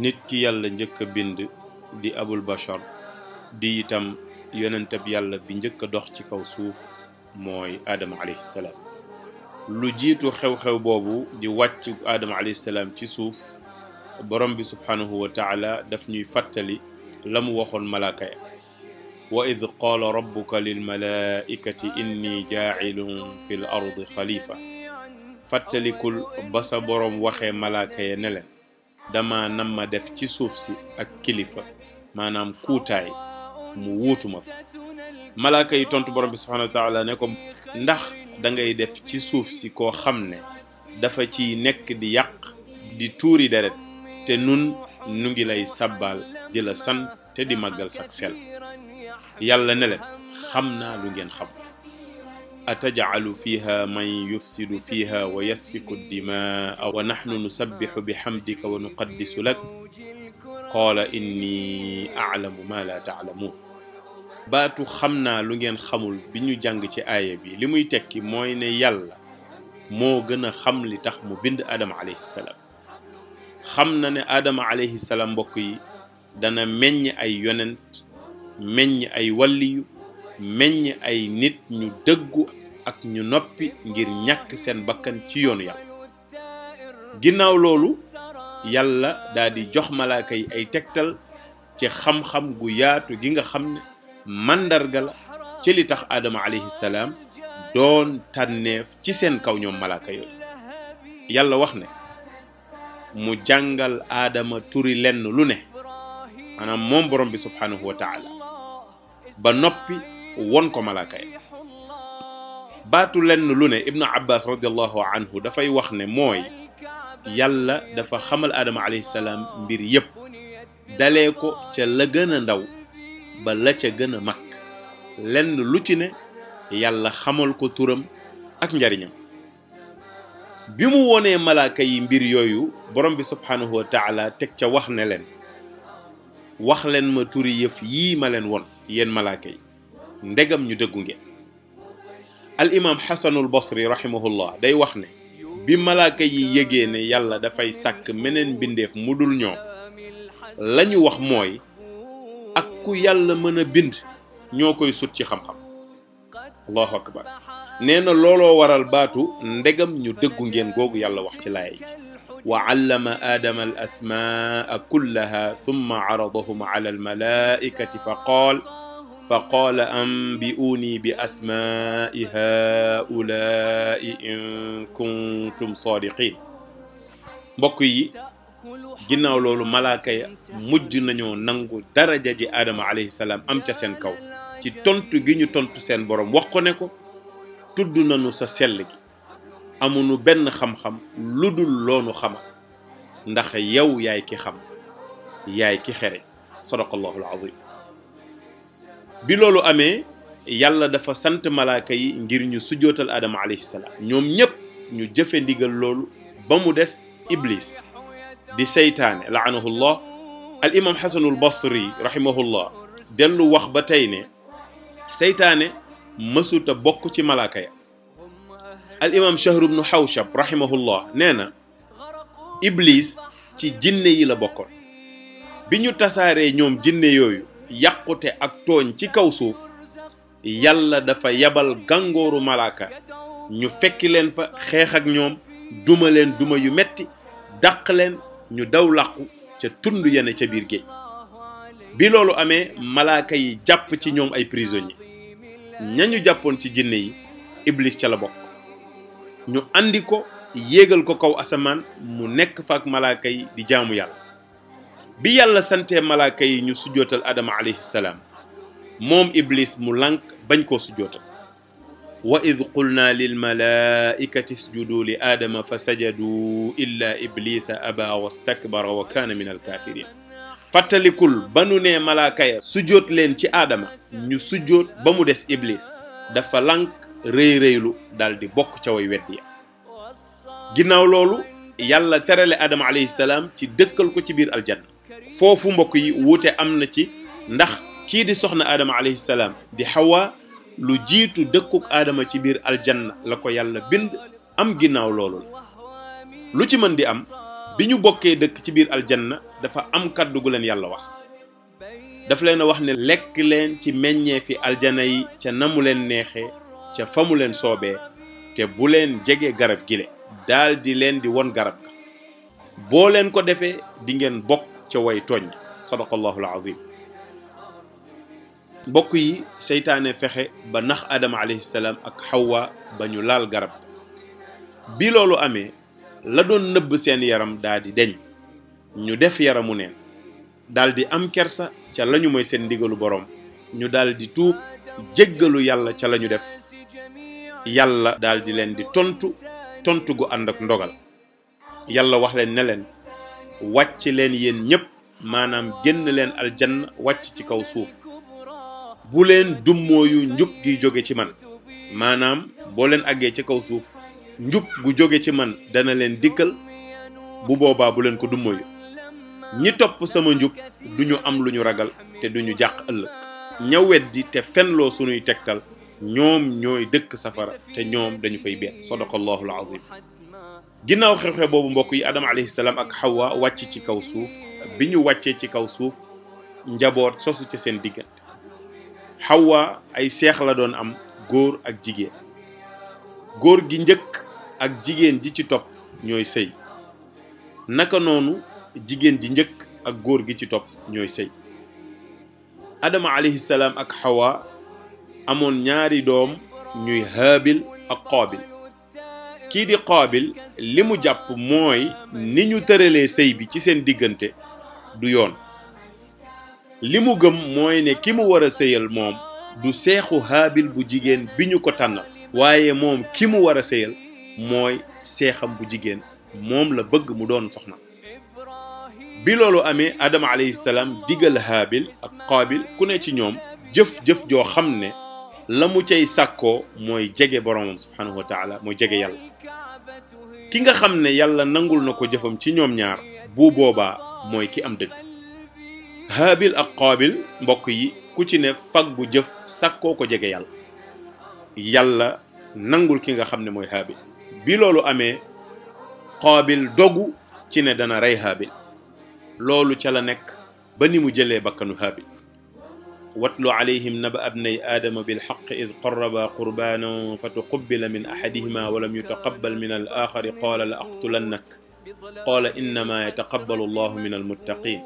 nit ki yàlla njëkka bind di abul bashar di itam yonentab yàlla bi njëkk a dox ci kaw suuf mooy aadama alayhi lu jiitu xew-xew boobu di wàcc aadama alayhi ci suuf borom bi subhaanahu wa taala ñuy fàttali la waxoon malaaka ya wa id qaala rabbuka lil malaikati inni jaacilun fi l xalifa fàttalikul ba sa borom waxee malaaka ya ne dama nam def ci suuf si ak kilifa maanaam kuutaay mu wuutuma fa malaaka yi tontu borom bi subhaanahu wa ne ko ndax dangay def ci suuf si koo xam ne dafa ciy nekk di yàq di tuuri deret te nun nu ngi lay sabal jëla la sant te di màggal sak sel yàlla ne xam naa lu ngeen xam atajcalu fiha man yufsidu fiha wa yasfiku dimaa wa naxnu nusabixu bixamdika wa nuqaddisu lak qaala inni aclamu ma la taclamuun baatu xam naa lu ngeen xamul bi ñu jàng ci aaya bi li muy tekki mooy ne yàlla moo gën a xam li tax mu bind aadama alayhi salaam xam na ne aadama alayhi salaam mbokk yi dana meññ ay yonent meññ ay walliyu meññ ay nit ñu dëggu ak ñu noppi ngir ñàkk seen bakkan ci yoonu yàlla ginnaaw loolu yàlla daa di jox malaaka yi ay tegtal ci xam-xam gu yaatu gi nga xam ne màndarga la ci li tax aadama alayhi doon tànneef ci seen kaw ñoom malaaka yooyu yàlla wax ne mu jàngal aadama turi lenn lu ne maanaam moom borom bi subhaanahu wa ba noppi won ko malaaka ya baatu lenn lu ne ibnu abbas radiallahu anhu dafay wax ne mooy yàlla dafa xamal aadama alayhi mbir yépp dalee ko ca la gën a ndaw ba la ca gën a mag lenn lu ci ne yàlla xamal ko turam ak njariñam bi mu wonee malaaka yi mbir yooyu borom bi subhaanahu wa taala teg ca wax ne leen wax leen ma turi yëf yii ma leen won yéen malaaka yi ndegam ñu dëggu ngeen al imam xasanul basri rahimahullah day wax ne bi malaaka yi yégee ne yàlla dafay sàkk meneen bindeef mu dul ñoom la ñu wax mooy ak ku yàlla mën a bind ñoo koy sut ci xam-xam allahu akbar nee looloo waral baatu ndegam ñu dëggu ngeen googu yàlla wax ci laaya ji wa allama aadama al kullaha thumma aradahum ala al fa qaal fa qaala ambi'uuni bi asmaa'i haa'ulaa'i in kuntum saadiqiin mbokk yi ginnaaw loolu malaaka mujj nañu nangu daraja ji aadama alayhi salaam am ca seen kaw ci tontu gi ñu tontu seen borom wax ko ne ko tudd sa sell gi amuñu benn xam-xam lu dul loonu xama ndax yow yaay ki xam yaay ki xere sadaqallahul azim bi loolu amee yàlla dafa sant malaaka yi ngir ñu sujjootal aadama alayhi ñoom ñépp ñu jëfe ndigal loolu ba mu des iblis di seytaane laanahullah al imam xasanul basri rahimahullah dellu wax ba tey ne seytaane mësuta bokk ci malaaka ya al imam shahru bnu xawshab rahimahullah nee na iblis ci jinne yi la bokkoon bi ñu tasaaree ñoom jinne yooyu yàqute ak tooñ ci kaw suuf yàlla dafa yabal gàngooru malaaka ñu fekki leen fa xeex ak ñoom duma leen duma yu metti dàq leen ñu daw làqu ca tund yene ca biir géej bi loolu amee malaaka yi jàpp ci ñoom ay prisonniers ñañu jàppoon ci jinne yi iblis ca la bokk ñu andi ko yéegal ko kaw asamaan mu nekk fa ak malaaka yi di jaamu yàlla bi yàlla sante malaaka yi ñu sujjootal adama alayhi salaam moom iblis mu lànk bañ koo sujjootal wa id qulna lil malaikati isjudu li aadama fa sajadu illa iblisa aba wastakbara fàttalikul ba nu ne leen ci aadama ñu sujjoot ba mu des iblis dafa lank rëy daldi bokk ca way weddi ginnaaw loolu yàlla terale adama alayhi salaam ci dëkkal ko ci biir aljanna foofu mbokk yi wuute am na ci ndax kii di soxna aadama alayhi salaam di xawaa lu jiitu dëkku aadama ci biir aljanna la ko yàlla bind am ginnaaw loolu la lu ci mën di am bi ñu bokkee dëkk ci biir aljanna dafa am kàddu leen yàlla wax daf leen a wax ne lekk leen ci meññee fi aljana yi ca namu leen neexee ca fa mu leen soobee te bu leen jege garab gile daal leen di won garab ga boo leen ko defee dingeen bokk ca way tooñ sadaqallahu alazim mbokk yi seytaane fexe ba nax adama alayhi ak xawwa ba ñu laal garab bi loolu amee la doon nëbb seen yaram daa di deñ ñu def yaramu neen daldi am kersa ca lañu moy seen ndigalu boroom ñu daldi tuub jéggalu yàlla ca lañu def yàlla daal leen di tontu tontu gu ànd ak ndogal yàlla wax leen wàcc leen yéen ñépp maanaam génn leen aljanna wàcc ci kaw suuf bu leen dummooyu njub gi jóge ci man maanaam boo leen àggee ci kaw suuf njub gu jóge ci man dana leen dikkal bu boobaa bu leen ko dummooyu ñi topp sama njub duñu am lu ñu ragal te duñu jàq ëllëg ña weddi te fenloo sunuy tegtal ñoom ñooy dëkk safara te ñoom dañu fay benn sadaqallahu alazim ginnaaw xew-xew boobu mbokk yi Adama alayhi salaam ak Hawa wàcc ci kaw suuf bi ñu wàccee ci kaw suuf njaboot sosu ca seen diggante Hawa ay seex la doon am góor ak jigéen góor gi njëkk ak jigéen ji ci topp ñooy sëy naka noonu jigéen ji njëkk ak góor gi ci topp ñooy sëy Adama alayhi ak Hawa amoon ñaari doom ñuy Haabil ak Qaabil kii di xoobil li mu jàpp mooy ni ñu tëralee sëy bi ci seen diggante du yoon li mu gëm mooy ne ki mu war a sëyal moom du seexu haabil bu jigéen bi ñu ko tànnal waaye moom ki mu war a sëyal mooy seexam bu jigéen moom la bëgg mu doon soxna bi loolu amee adama alayhi salaam digal haabil ak xoobil ku ne ci ñoom jëf-jëf joo xam ne la mu cay sàkkoo mooy jege boromam subhanahu wa mooy jege yàlla ki nga xam ne yàlla nangul na ko jëfam ci ñoom ñaar bu boobaa mooy ki am dëkk haabil ak qaabil mbokk yi ku ci ne fag bu jëf sàkkoo ko jege yàlla yàlla nangul ki nga xam ne mooy haabil bi loolu amee qaabil dogu ci ne dana rey haabil loolu ca la nekk ba ni mu jëlee bakkanu haabil watlu alayhim naba abnay aadama bilxaq is qarraba qurbanan fa tuqubila min axadihima walam yutaqabal min al axari qaala la aqtulannak qaala innama yataqabalu allahu min almuttaqin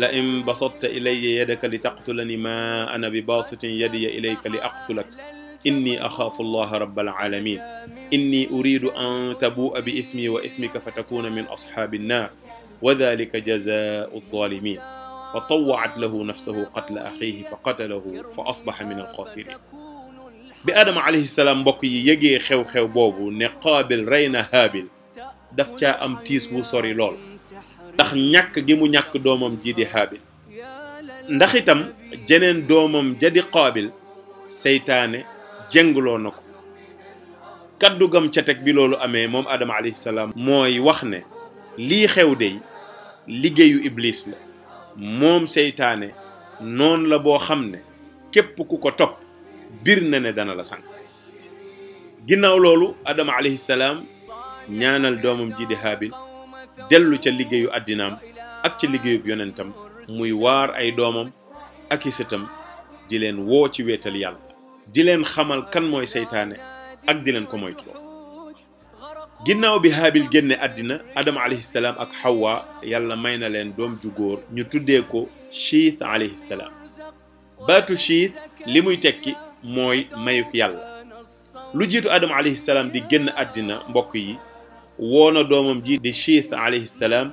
la in basatta ilaya yadaka li taqtulani ma ana bi basitin yadiya ilayka li aqtulak inni axaafu allaha rabbal alamin inni uridu an tabu'a bi ismi wa ismika fa takuna min ashaabi nnar wa dalika jazaau alzalimin fa tawaat lahu nafsahu qatla axiihi fa qatalahu fa asbaxa min alxaasiriin bi aadama alayhi salaam mbokk yi yëgee xew-xew boobu ne qaabil rey na daf ca am tiis wu sori lool ndax ñàkk gi mu ñàkk doomam ji di haabil ndax itam jeneen doomam ja di qaabil seytaane jëngloo na ko kaddu gam ca teg bi loolu amee moom aadama alayhi mooy wax ne lii xew dey liggéeyu iblis la moom seytaane noon la boo xam ne képp ku ko topp biir na ne dana la sànq ginnaaw loolu adama alayhi ñaanal doomam ji di dellu ca liggéeyu àddinaam ak ca liggéeyub yonentam muy waar ay doomam ak i sëtam di leen woo ci weetal yàlla di leen xamal kan mooy seytaane ak di leen ko moytuloo ginnaaw bi haabil génne àddina adam alayhi salaam ak hawa yàlla may na leen doom ju góor ñu tuddee ko chiith alayhi salaam baatu chiith li muy tekki mooy mayuk yàlla lu jiitu adam alayhi di génn àddina mbokk yi woona doomam ji di chiith alayhi salaam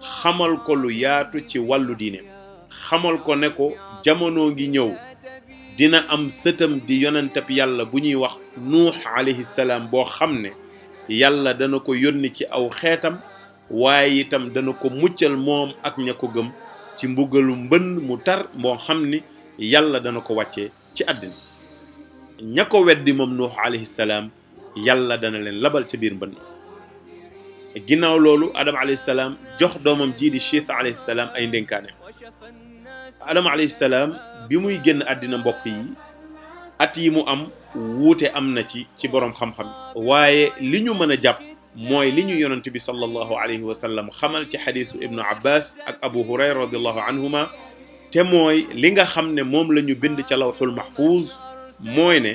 xamal ko lu yaatu ci wàllu diine xamal ko ne ko jamono ngi ñëw dina am sëtam di yonentab yàlla bu ñuy wax nuux alayhi boo xam ne yàlla dana ko yónni ci aw xeetam waaye itam dana ko muccal moom ak ña ko gëm ci mbugalu mbënn mu tar moo xam ni yàlla dana ko wàcce ci àddina ña ko weddi moom nuux alayhi salaam yàlla dana leen labal ci biir mbënn ginnaaw loolu adama alayhi salaam jox doomam jii di chiita ay ndénkaaneem adama alayhi bi muy génn àddina mbokk yi at yi mu am wuute am na ci ci boroom xam-xam waaye li ñu mën a jàpp mooy li ñu yonent bi sallallahu alayhi wa sallam xamal ci xadisu ibnu abbas ak abu hurayra radiallahu anhuma te mooy li nga xam ne moom lañu bind ca law lawxul mahfuuz mooy ne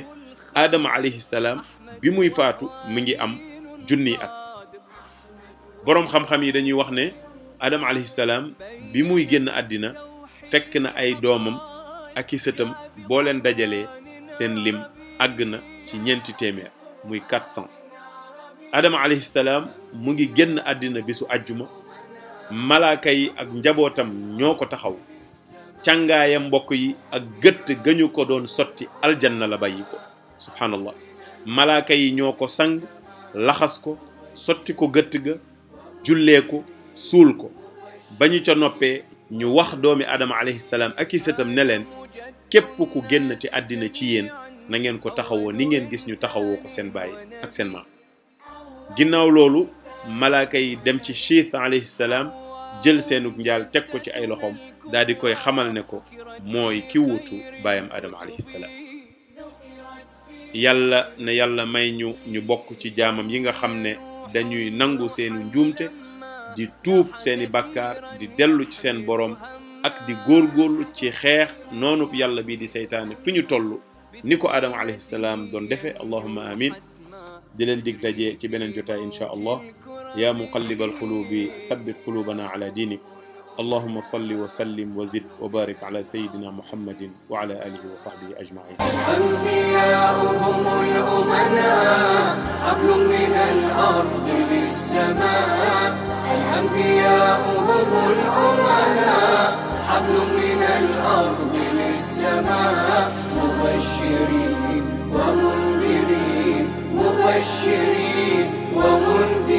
aadama alayhi salaam bi muy faatu mu ngi am junni at boroom xam-xam yi dañuy wax ne aadama alayhi salaam bi muy génn àddina fekk na ay doomam ak boo leen dajalee seen lim àgg na ci ñeenti téeméer muy 400 adama alayhi mu ngi génn àddina bisu àjjuma malaaka yi ak njabootam ñoo ko taxaw càngaayam mbokk yi ak gëtt gañu ko doon sotti aljana la bàyyi ko subhaanallah malaaka yi ñoo ko sang laxas ko sotti ko gëtt ga jullee ko suul ko ba ñu ca noppee ñu wax doomi adama alayhi salaam ak i sëtam ne képp ku génn ci àddina ci yéen na ko taxawoo ni ngeen gis ñu taxawoo ko seen baay ak seen maam ginnaaw loolu malaaka yi dem ci Chiith alayhi salaam jël seenug njaal teg ko ci ay loxoom daldi koy xamal ne ko mooy ki wuutu baayam Adama alayhi salaam yàlla ne may ñu ñu bokk ci jaamam yi nga xam ne dañuy nangu seeni njuumte di tuub seeni bakkaar di dellu ci seen boroom ak di góorgóorlu ci xeex noonu yàlla bi di seytaane fi ñu toll ni ko aadama alayhi salaam doon defee allahumma amin di leen dig daje ci beneen jotaay inchaa allah yaa muqallibal quluubi thabbit quluubana ala diinik allahumma salli wa sallim wa zid wa barik ala sayyidina muhammadin wa ala alihi wa sahbihi ajmain الأنبياء هم الأمناء حبل من الأرض للسماء مبشرين ومنذرين مبشرين ومنذرين